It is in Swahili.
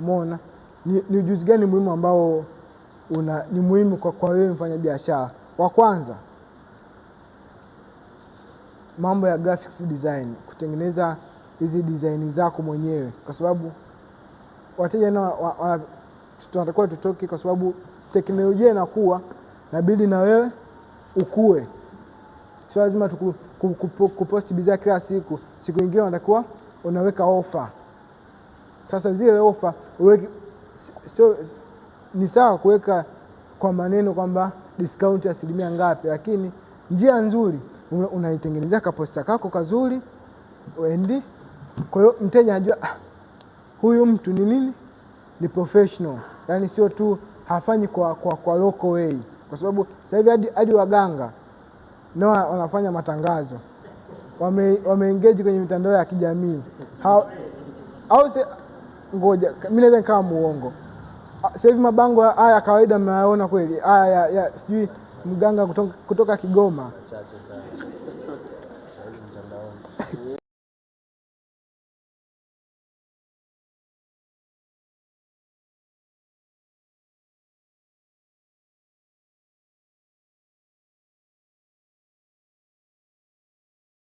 Umeona ni, ni ujuzi gani muhimu ambao una ni muhimu kwa, kwa wewe mfanya biashara? Wa kwanza mambo ya graphics design, kutengeneza hizi design zako mwenyewe, kwa sababu wateja na tunatakiwa tutoke, kwa sababu teknolojia inakuwa, nabidi na wewe ukue. Sio lazima tukuposti bidhaa kila siku, siku nyingine unatakiwa unaweka ofa. Sasa zile ofa uweke, sio ni sawa kuweka kwa maneno kwamba discount ya asilimia ngapi, lakini njia nzuri unaitengenezea una kaposta kako kazuri endi, kwa hiyo mteja anajua ah, huyu mtu ni nini, ni professional, yani sio tu hafanyi kwa, kwa, kwa loko way, kwa sababu sasa hivi hadi, hadi waganga nao wanafanya matangazo, wameengeji wame kwenye mitandao ya kijamii au ngoja, mimi naweza nikawa muongo. Ah, sasa hivi mabango haya ya kawaida mnayaona kweli? Haya ya sijui mganga kutoka, kutoka Kigoma.